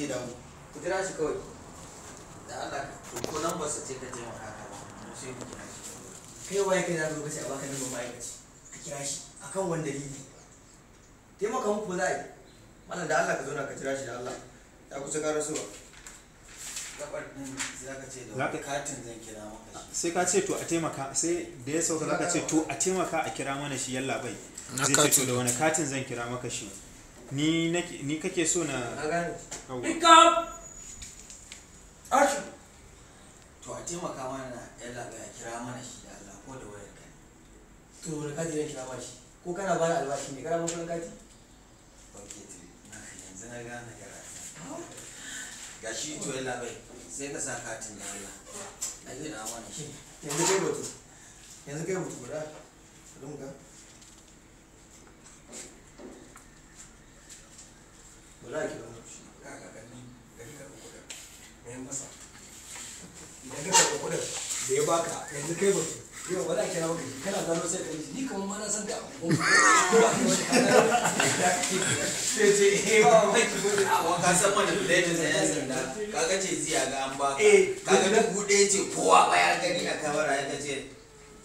zai damu ku jira shi kawai da Allah ko nan ba su ce ka je maka ka ba sai mu kira shi kai waye kai za ka zo ka ce a baka nan ma'aikaci ka kira shi akan wani dalili taimaka muku za a yi mana da Allah ka zo na ka jira shi da Allah ya kusa gara ba sai ka ce to a taimaka sai da ya sauka za ka ce to a taimaka a kira mana shi yalla bai zai ce to da wani katin zan kira maka shi ni nake ni kake so na pick up ashu to a taimaka mana na yalla ga kira mana shi da Allah ko da wayar ka to wani kaji ne kira bashi ko kana bani albashi ne kana mun kan kaji okay to na yanzu na gane ga gashi to yalla bai sai ka sa katin da Allah ai na mana shi yanzu kai mutu yanzu kai mutu guda ka baka yanzu kai ba yau kana zano sai ka ni kamar ma ka ce eh ba wai ki gode a wa ka san mana yan sanda kaga ce ziya ga an baka kaga duk bude ce kowa ba ya gani a kamera ya ce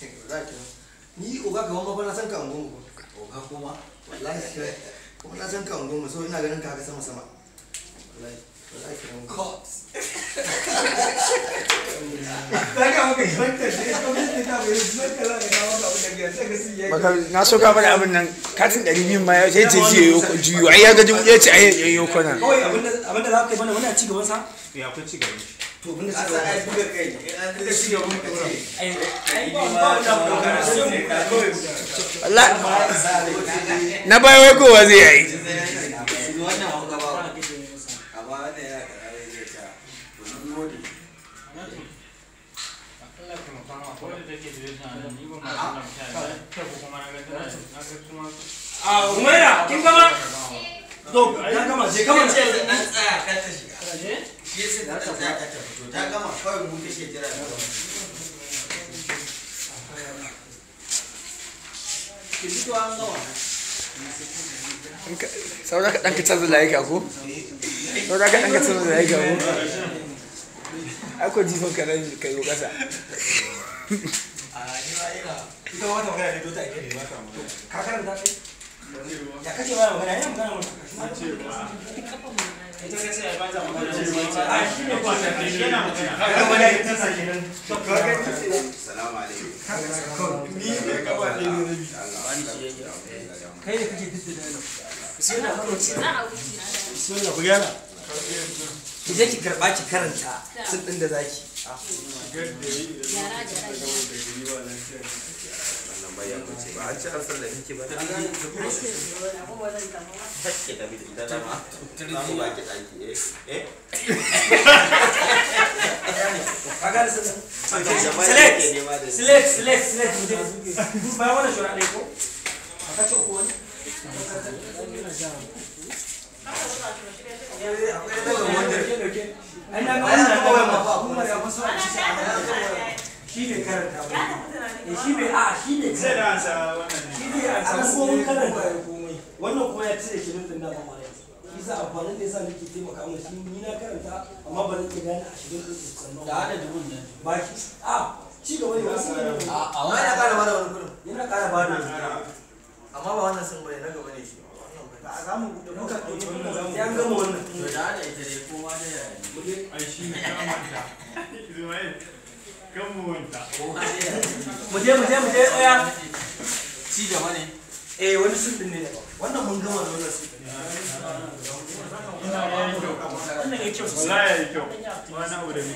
ni ka na so ka ka abin da nan katin ma ya ce ce ji jiyo ai ya ga ya ce ai abin da abin da za ka yi ci gaban sa ya akwai ci gaban to bin da suka wani ai buga kai in da suka wani kai ai ai ba ba da bukara sai mu ka kawai Allah na bai wai kowa zai yi wannan hauka ba a ba wannan ya ka ai a umaira kin gama to na gama je kama ce nan tsaya kar ta shi da da kaɗan ka canza layika ko? saura kaɗan ka canza layika ko? akwai jifin ka nan ka yi ƙasa ita wata magana ne ta ya kace ba magana ya kai ki ki karba ki karanta sun ɗin da zaki yara maryam ba an ci ba an da wani shura ne ko ko wani Eh, shi bai karanta shi bai a shi zai da ansa wannan shi ansa karanta ya komai wannan kuma ya cire shi da shi sa amfanin da yasa nake taimaka mun shi ni na karanta amma ba gane a shirin da sannan da hada dubun nan ba shi a ci gaba wasu ne a wani kara bada wani kudin yana kara bada amma ba wannan sun na gaba ne shi ba mu je mu je mu je oya ci gaba ne eh wani sun ne wannan mun gama da wannan sun wannan da ne ka da wannan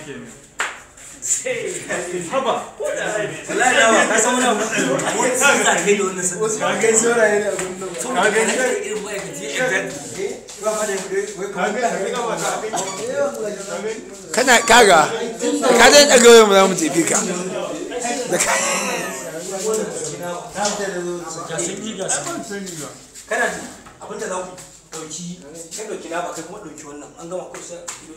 sun ka ka eh, kana kaga ka dai daga yau za mu tafi ka kana abin wannan an gama ko sai kilo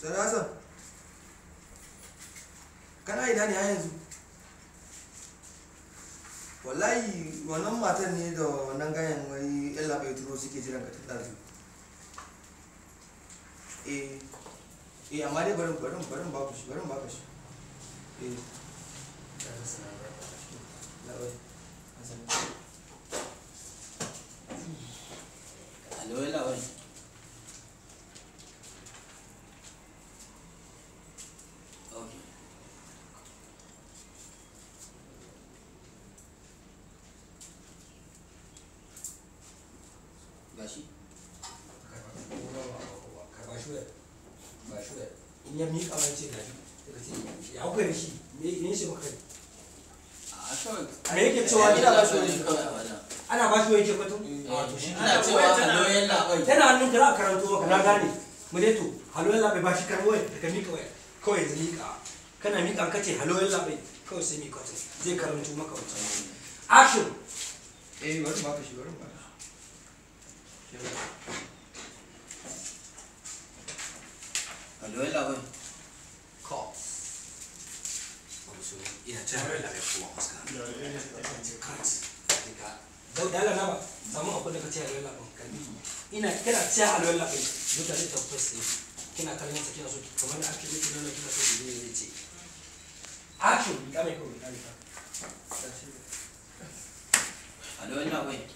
sarasa kana yi ne a yanzu wallahi wannan matan ne da wannan gayan wani yan bai turo suke jiran ka tattar su eh eh amma dai barin barin barin ku shi barin ku shi eh Alo, alo, alo. in ya miƙa mai ce gashi ya kuka da shi me yin shi maka me yake cewa ina ba shi wani ana ba shi wani kwato ina cewa haloyen labai tana hannun ka za a karanto maka na gane mu dai to haloyen labai ba shi karbo ya daga miƙa waya kawai yanzu miƙa kana miƙa ka ce haloyen labai kawai sai miƙa ta zai karanto maka wancan action eh bari ba ka shi bari ma. Cayuela, güey. Inaccedibile abbiamo fuoco, scambio. Dalla lava, siamo a quello che c'è a quella con calma. Ina che la c'è a quella che io ti ho detto questo. Che la calma si chiama su tutto, ma anche lui non è più la sua di lui dice. Ah, che mi cambia come cambia. Allora, no, güey.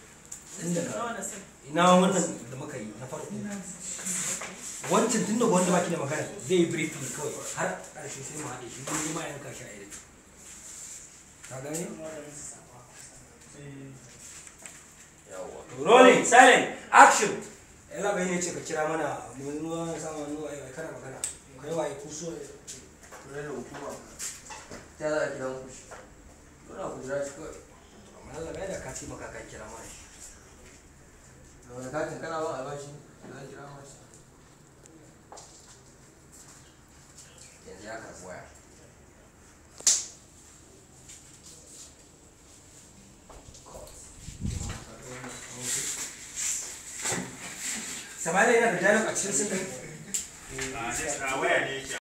Na wannan da muka yi na farko wancan tun da wanda baki da magana zai yi briefing kawai har ƙarshe sai mu haɗe shi ne ma yanka shi a yadda. ka gane rolling silent action yana bai ne ce ka kira mana mun ruwa samu ruwa ai kana magana kai waye ku so ne eh. da hukuma ta za a kira muku shi dole ku jira shi kawai amma Allah bai da ka ce maka ka kira mana shi wani katin kana ban a cikin sun a ah, ah, waya